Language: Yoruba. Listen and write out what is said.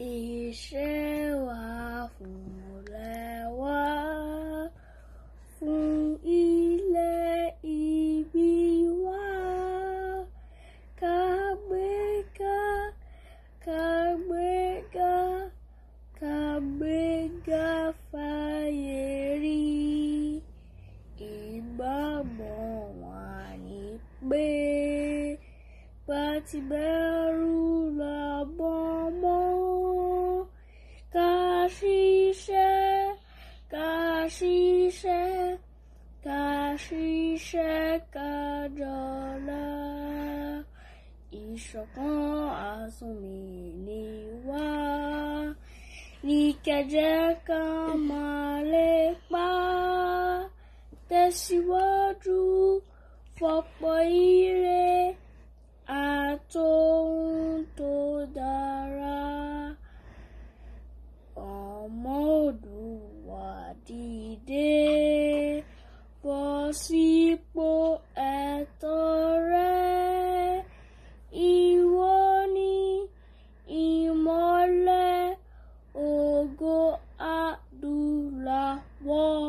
Iṣẹ́ wa fún lẹ́wà fún ilẹ̀ ìbí wa. Kàgbéga, kàgbéga, kàgbéga fàyè rí. Ìgbàgbọ́ wa কাশিসা কাশিসা কাজলা ইশকন আসমিনিওয়া níkẹjẹka máa lè pa tẹ̀síwájú fọpọ yìí. Asipo etore iwoni imole ogo adulawo.